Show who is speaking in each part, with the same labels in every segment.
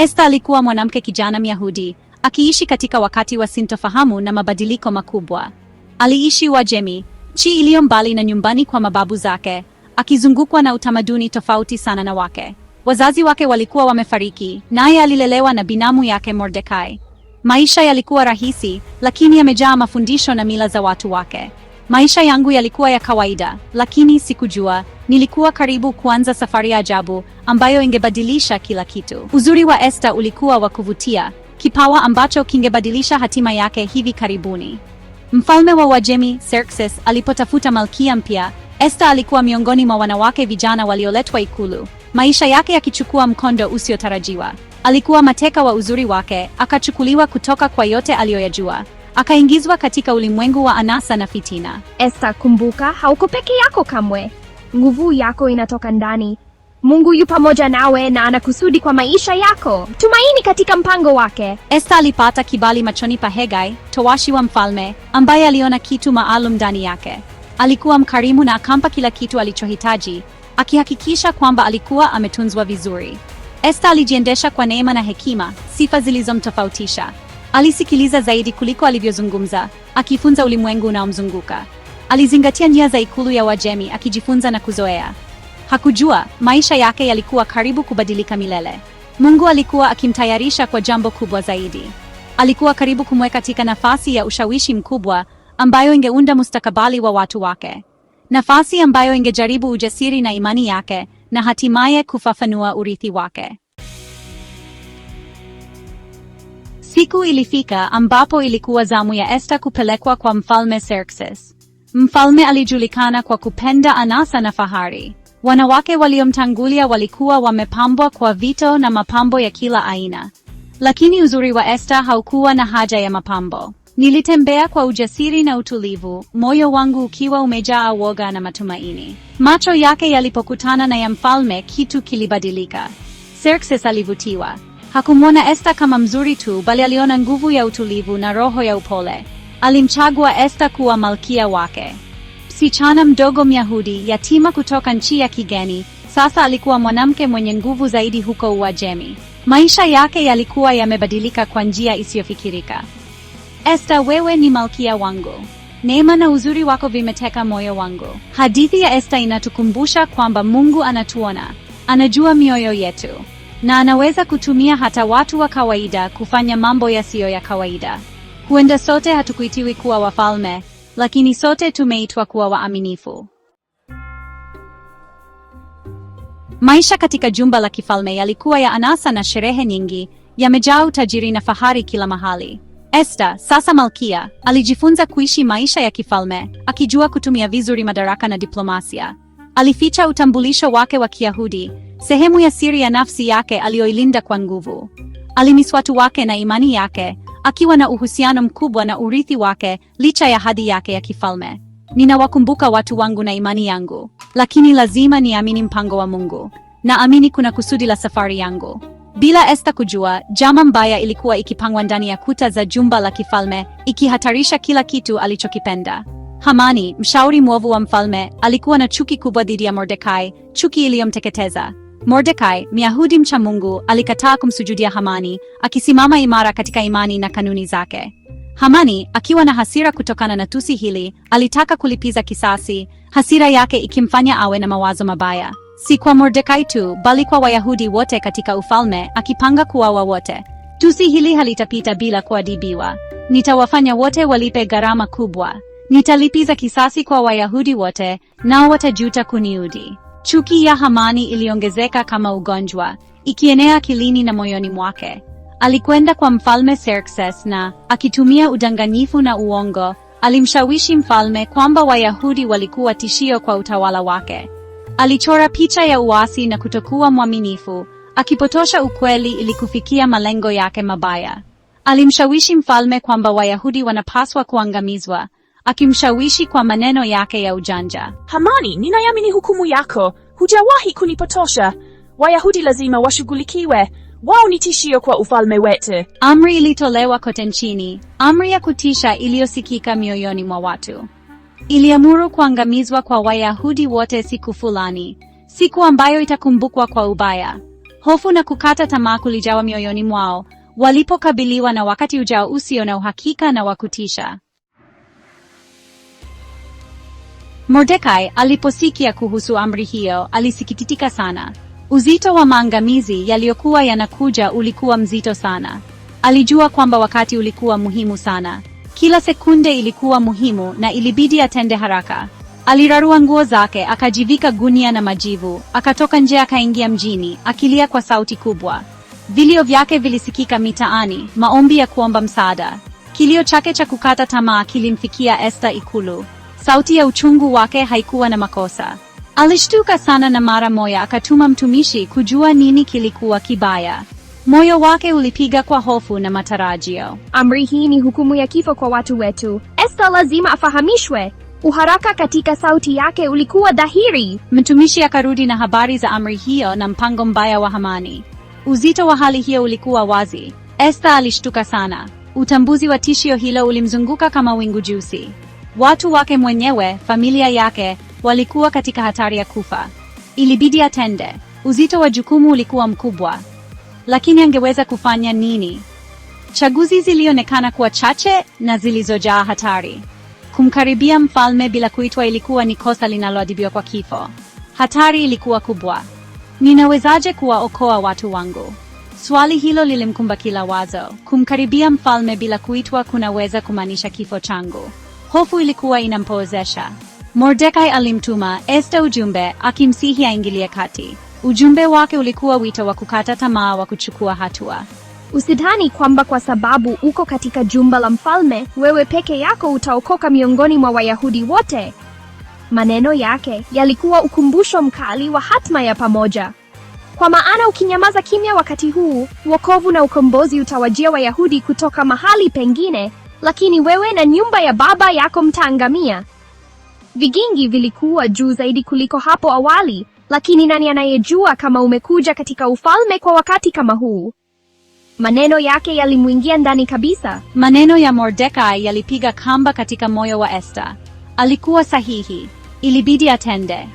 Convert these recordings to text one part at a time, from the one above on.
Speaker 1: Esther alikuwa mwanamke kijana Myahudi akiishi katika wakati wa sintofahamu na mabadiliko makubwa. Aliishi Uajemi, nchi iliyo mbali na nyumbani kwa mababu zake, akizungukwa na utamaduni tofauti sana na wake. Wazazi wake walikuwa wamefariki, naye alilelewa na binamu yake Mordekai. Maisha yalikuwa rahisi, lakini yamejaa mafundisho na mila za watu wake. Maisha yangu yalikuwa ya kawaida, lakini sikujua nilikuwa karibu kuanza safari ya ajabu ambayo ingebadilisha kila kitu. Uzuri wa Esther ulikuwa wa kuvutia, kipawa ambacho kingebadilisha hatima yake hivi karibuni. Mfalme wa Uajemi Xerxes alipotafuta malkia mpya, Esther alikuwa miongoni mwa wanawake vijana walioletwa ikulu, maisha yake yakichukua mkondo usiotarajiwa. Alikuwa mateka wa uzuri wake, akachukuliwa kutoka kwa yote aliyoyajua akaingizwa katika ulimwengu wa anasa na fitina.
Speaker 2: Esta, kumbuka, hauko peke yako kamwe. Nguvu yako inatoka ndani. Mungu yu pamoja nawe na ana kusudi kwa maisha yako. Tumaini katika mpango wake.
Speaker 1: Esta alipata kibali machoni pa Hegai, towashi wa mfalme, ambaye aliona kitu maalum ndani yake. Alikuwa mkarimu na akampa kila kitu alichohitaji, akihakikisha kwamba alikuwa ametunzwa vizuri. Esta alijiendesha kwa neema na hekima, sifa zilizomtofautisha. Alisikiliza zaidi kuliko alivyozungumza, akifunza ulimwengu unaomzunguka. Alizingatia njia za ikulu ya Wajemi, akijifunza na kuzoea. Hakujua maisha yake yalikuwa karibu kubadilika milele. Mungu alikuwa akimtayarisha kwa jambo kubwa zaidi. Alikuwa karibu kumweka katika nafasi ya ushawishi mkubwa ambayo ingeunda mustakabali wa watu wake, nafasi ambayo ingejaribu ujasiri na imani yake na hatimaye kufafanua urithi wake. Siku ilifika ambapo ilikuwa zamu ya Esta kupelekwa kwa Mfalme Xerxes. Mfalme alijulikana kwa kupenda anasa na fahari. Wanawake waliomtangulia walikuwa wamepambwa kwa vito na mapambo ya kila aina. Lakini uzuri wa Esta haukuwa na haja ya mapambo. Nilitembea kwa ujasiri na utulivu, moyo wangu ukiwa umejaa woga na matumaini. Macho yake yalipokutana na ya mfalme, kitu kilibadilika. Xerxes alivutiwa. Hakumwona Esta kama mzuri tu, bali aliona nguvu ya utulivu na roho ya upole. Alimchagua Esta kuwa malkia wake. Msichana mdogo Myahudi yatima kutoka nchi ya kigeni, sasa alikuwa mwanamke mwenye nguvu zaidi huko Uajemi. Maisha yake yalikuwa yamebadilika kwa njia isiyofikirika. Esta, wewe ni malkia wangu. Neema na uzuri wako vimeteka moyo wangu. Hadithi ya Esta inatukumbusha kwamba Mungu anatuona, anajua mioyo yetu na anaweza kutumia hata watu wa kawaida kufanya mambo yasiyo ya kawaida. Huenda sote hatukuitiwi kuwa wafalme, lakini sote tumeitwa kuwa waaminifu. Maisha katika jumba la kifalme yalikuwa ya anasa na sherehe nyingi, yamejaa utajiri na fahari kila mahali. Esta, sasa malkia, alijifunza kuishi maisha ya kifalme, akijua kutumia vizuri madaraka na diplomasia. Alificha utambulisho wake wa Kiyahudi, sehemu ya siri ya nafsi yake aliyoilinda kwa nguvu. Alimiswatu wake na imani yake, akiwa na uhusiano mkubwa na urithi wake licha ya hadhi yake ya kifalme. Ninawakumbuka watu wangu na imani yangu, lakini lazima niamini mpango wa Mungu. Naamini kuna kusudi la safari yangu. Bila Esta kujua, jama mbaya ilikuwa ikipangwa ndani ya kuta za jumba la kifalme, ikihatarisha kila kitu alichokipenda. Hamani, mshauri mwovu wa mfalme, alikuwa na chuki kubwa dhidi ya Mordekai, chuki iliyomteketeza. Mordekai, Myahudi mcha Mungu, alikataa kumsujudia Hamani, akisimama imara katika imani na kanuni zake. Hamani, akiwa na hasira kutokana na tusi hili, alitaka kulipiza kisasi, hasira yake ikimfanya awe na mawazo mabaya. Si kwa Mordekai tu, bali kwa Wayahudi wote katika ufalme, akipanga kuwawa wote. Tusi hili halitapita bila kuadibiwa. Nitawafanya wote walipe gharama kubwa. Nitalipiza kisasi kwa Wayahudi wote, nao watajuta kuniudi Chuki ya Hamani iliongezeka kama ugonjwa, ikienea akilini na moyoni mwake. Alikwenda kwa mfalme Xerxes na akitumia udanganyifu na uongo, alimshawishi mfalme kwamba Wayahudi walikuwa tishio kwa utawala wake. Alichora picha ya uasi na kutokuwa mwaminifu, akipotosha ukweli ili kufikia malengo yake mabaya. Alimshawishi mfalme kwamba Wayahudi wanapaswa kuangamizwa, akimshawishi kwa maneno yake ya ujanja.
Speaker 2: Hamani, ninayamini hukumu yako, hujawahi kunipotosha. Wayahudi lazima washughulikiwe, wao ni tishio kwa ufalme wetu.
Speaker 1: Amri ilitolewa kote nchini, amri ya kutisha iliyosikika mioyoni mwa watu. Iliamuru kuangamizwa kwa Wayahudi wote siku fulani, siku ambayo itakumbukwa kwa ubaya. Hofu na kukata tamaa kulijawa mioyoni mwao walipokabiliwa na wakati ujao usio na uhakika na wa kutisha. Mordekai aliposikia kuhusu amri hiyo alisikitika sana. Uzito wa maangamizi yaliyokuwa yanakuja ulikuwa mzito sana. Alijua kwamba wakati ulikuwa muhimu sana, kila sekunde ilikuwa muhimu na ilibidi atende haraka. Alirarua nguo zake akajivika gunia na majivu, akatoka nje, akaingia mjini akilia kwa sauti kubwa. Vilio vyake vilisikika mitaani, maombi ya kuomba msaada. Kilio chake cha kukata tamaa kilimfikia Esta ikulu. Sauti ya uchungu wake haikuwa na makosa. Alishtuka sana na mara moja akatuma mtumishi kujua nini kilikuwa kibaya. Moyo wake ulipiga kwa hofu na matarajio.
Speaker 2: Amri hii ni hukumu ya kifo kwa watu wetu. Esta lazima afahamishwe. Uharaka katika sauti yake ulikuwa dhahiri.
Speaker 1: Mtumishi akarudi na habari za amri hiyo na mpango mbaya wa Hamani. Uzito wa hali hiyo ulikuwa wazi. Esta alishtuka sana. Utambuzi wa tishio hilo ulimzunguka kama wingu jusi Watu wake mwenyewe, familia yake, walikuwa katika hatari ya kufa. Ilibidi atende. Uzito wa jukumu ulikuwa mkubwa, lakini angeweza kufanya nini? Chaguzi zilionekana kuwa chache na zilizojaa hatari. Kumkaribia mfalme bila kuitwa ilikuwa ni kosa linaloadhibiwa kwa kifo. Hatari ilikuwa kubwa. Ninawezaje kuwaokoa watu wangu? Swali hilo lilimkumba kila wazo. Kumkaribia mfalme bila kuitwa kunaweza kumaanisha kifo changu. Hofu ilikuwa inampozesha. Mordekai alimtuma Esta ujumbe akimsihi aingilie kati. Ujumbe wake ulikuwa wito wa kukata tamaa wa kuchukua hatua.
Speaker 2: Usidhani kwamba kwa sababu uko katika jumba la mfalme wewe peke yako utaokoka miongoni mwa Wayahudi wote. Maneno yake yalikuwa ukumbusho mkali wa hatma ya pamoja. Kwa maana ukinyamaza kimya wakati huu, wokovu na ukombozi utawajia Wayahudi kutoka mahali pengine lakini wewe na nyumba ya baba yako mtaangamia. Vigingi vilikuwa juu zaidi kuliko hapo awali, lakini nani anayejua kama umekuja katika ufalme kwa wakati kama huu? Maneno yake yalimwingia ndani kabisa.
Speaker 1: Maneno ya Mordekai yalipiga kamba katika moyo wa Esta. Alikuwa sahihi, ilibidi atende.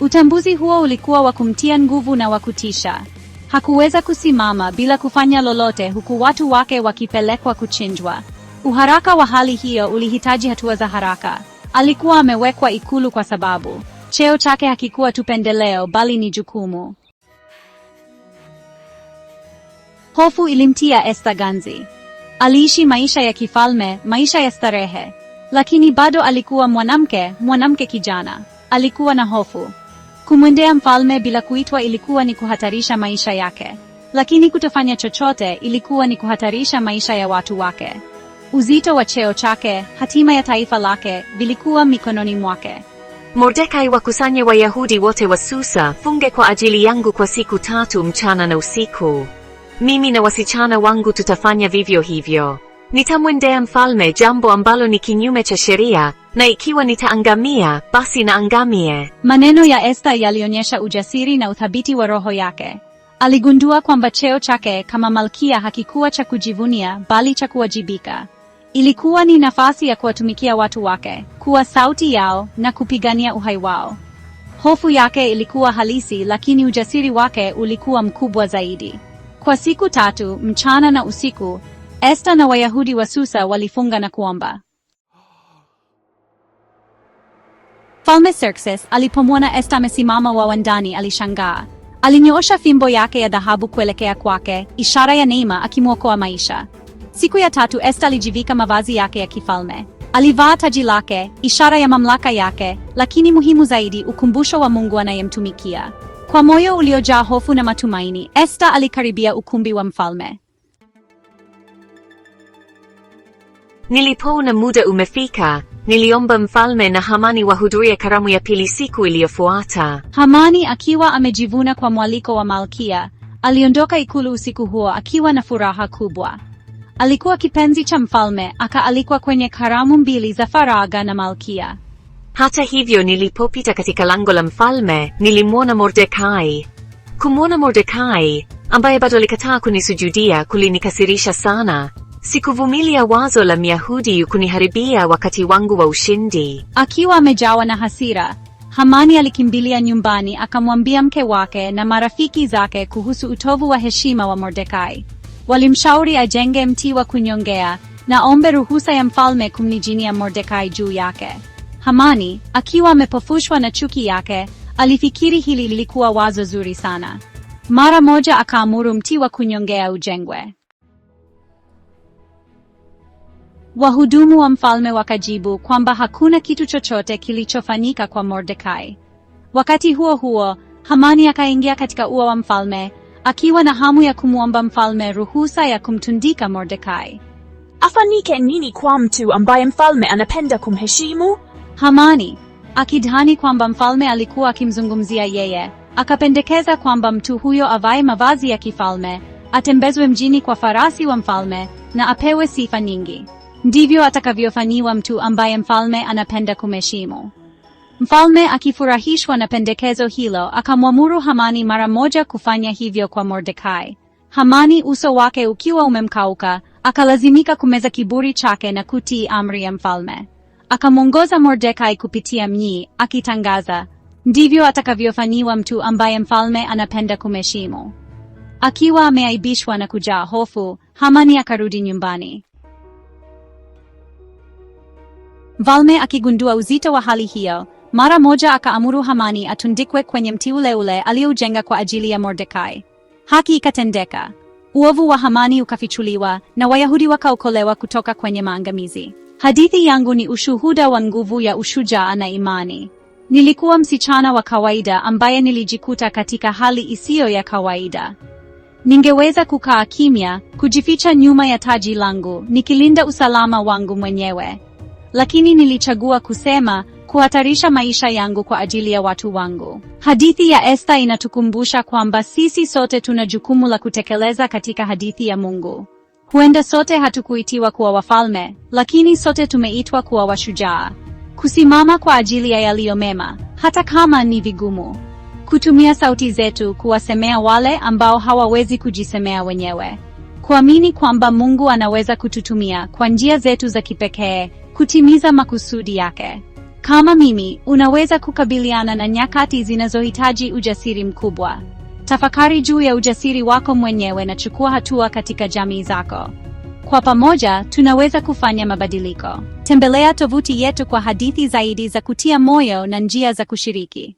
Speaker 1: Utambuzi huo ulikuwa wa kumtia nguvu na wa kutisha. Hakuweza kusimama bila kufanya lolote, huku watu wake wakipelekwa kuchinjwa. Uharaka wa hali hiyo ulihitaji hatua za haraka. Alikuwa amewekwa Ikulu kwa sababu cheo chake hakikuwa tu pendeleo, bali ni jukumu. Hofu ilimtia Esther Ganzi. Aliishi maisha ya kifalme, maisha ya starehe, lakini bado alikuwa mwanamke, mwanamke kijana. Alikuwa na hofu. Kumwendea mfalme bila kuitwa ilikuwa ni kuhatarisha maisha yake, lakini kutofanya chochote ilikuwa ni kuhatarisha maisha ya watu wake. Uzito wa cheo chake, hatima ya taifa lake vilikuwa mikononi mwake. Mordekai, wakusanye Wayahudi wote wa Susa, funge kwa ajili yangu kwa siku tatu mchana na usiku. Mimi na wasichana wangu tutafanya vivyo hivyo. Nitamwendea mfalme, jambo ambalo ni kinyume cha sheria, na ikiwa nitaangamia, basi naangamie. Maneno ya Esta yalionyesha ujasiri na uthabiti wa roho yake. Aligundua kwamba cheo chake kama malkia hakikuwa cha kujivunia, bali cha kuwajibika. Ilikuwa ni nafasi ya kuwatumikia watu wake, kuwa sauti yao na kupigania uhai wao. Hofu yake ilikuwa halisi, lakini ujasiri wake ulikuwa mkubwa zaidi. Kwa siku tatu, mchana na usiku, Esta na Wayahudi wa Susa walifunga na kuomba. Mfalme Xerxes alipomwona Esta amesimama wa wandani alishangaa. Alinyoosha fimbo yake ya dhahabu kuelekea kwake, ishara ya neema akimwokoa maisha. Siku ya tatu Esta alijivika mavazi yake ya kifalme. Alivaa taji lake, ishara ya mamlaka yake, lakini muhimu zaidi, ukumbusho wa Mungu anayemtumikia. Kwa moyo uliojaa hofu na matumaini, Esta alikaribia ukumbi wa mfalme. Nilipoona muda umefika, niliomba mfalme na Hamani wahudhurie karamu ya pili siku iliyofuata. Hamani akiwa amejivuna kwa mwaliko wa Malkia, aliondoka ikulu usiku huo akiwa na furaha kubwa. Alikuwa kipenzi cha mfalme, akaalikwa kwenye karamu mbili za faraga na malkia. Hata hivyo, nilipopita katika lango la mfalme nilimwona Mordekai. Kumwona Mordekai ambaye bado alikataa kunisujudia kulinikasirisha sana. Sikuvumilia wazo la Myahudi kuniharibia wakati wangu wa ushindi. Akiwa amejawa na hasira, Hamani alikimbilia nyumbani akamwambia mke wake na marafiki zake kuhusu utovu wa heshima wa Mordekai walimshauri ajenge mti wa kunyongea na ombe ruhusa ya mfalme kumnijini Mordekai juu yake. Hamani, akiwa amepofushwa na chuki yake, alifikiri hili lilikuwa wazo zuri sana. Mara moja akaamuru mti wa kunyongea ujengwe. Wahudumu wa mfalme wakajibu kwamba hakuna kitu chochote kilichofanyika kwa Mordekai. Wakati huo huo, Hamani akaingia katika ua wa mfalme akiwa na hamu ya kumwomba mfalme ruhusa ya kumtundika Mordekai.
Speaker 2: afanike nini kwa mtu ambaye mfalme anapenda kumheshimu?
Speaker 1: Hamani akidhani kwamba mfalme alikuwa akimzungumzia yeye, akapendekeza kwamba mtu huyo avae mavazi ya kifalme, atembezwe mjini kwa farasi wa mfalme na apewe sifa nyingi. Ndivyo atakavyofanyiwa mtu ambaye mfalme anapenda kumheshimu. Mfalme akifurahishwa na pendekezo hilo akamwamuru Hamani mara moja kufanya hivyo kwa Mordekai. Hamani, uso wake ukiwa umemkauka, akalazimika kumeza kiburi chake na kutii amri ya mfalme. Akamwongoza Mordekai kupitia mnyi, akitangaza, ndivyo atakavyofanyiwa mtu ambaye mfalme anapenda kumheshimu. Akiwa ameaibishwa na kujaa hofu, Hamani akarudi nyumbani. Mfalme akigundua uzito wa hali hiyo mara moja akaamuru Hamani atundikwe kwenye mti ule ule aliyoujenga kwa ajili ya Mordekai. Haki ikatendeka, uovu wa Hamani ukafichuliwa na Wayahudi wakaokolewa kutoka kwenye maangamizi. Hadithi yangu ni ushuhuda wa nguvu ya ushujaa na imani. Nilikuwa msichana wa kawaida ambaye nilijikuta katika hali isiyo ya kawaida. Ningeweza kukaa kimya, kujificha nyuma ya taji langu, nikilinda usalama wangu mwenyewe lakini nilichagua kusema kuhatarisha maisha yangu kwa ajili ya watu wangu. Hadithi ya Esta inatukumbusha kwamba sisi sote tuna jukumu la kutekeleza katika hadithi ya Mungu. Huenda sote hatukuitiwa kuwa wafalme, lakini sote tumeitwa kuwa washujaa. Kusimama kwa ajili ya yaliyo mema, hata kama ni vigumu. Kutumia sauti zetu kuwasemea wale ambao hawawezi kujisemea wenyewe. Kuamini kwamba Mungu anaweza kututumia kwa njia zetu za kipekee kutimiza makusudi yake. Kama mimi, unaweza kukabiliana na nyakati zinazohitaji ujasiri mkubwa. Tafakari juu ya ujasiri wako mwenyewe na chukua hatua katika jamii zako. Kwa pamoja, tunaweza kufanya mabadiliko. Tembelea tovuti yetu kwa hadithi zaidi za kutia moyo na njia za kushiriki.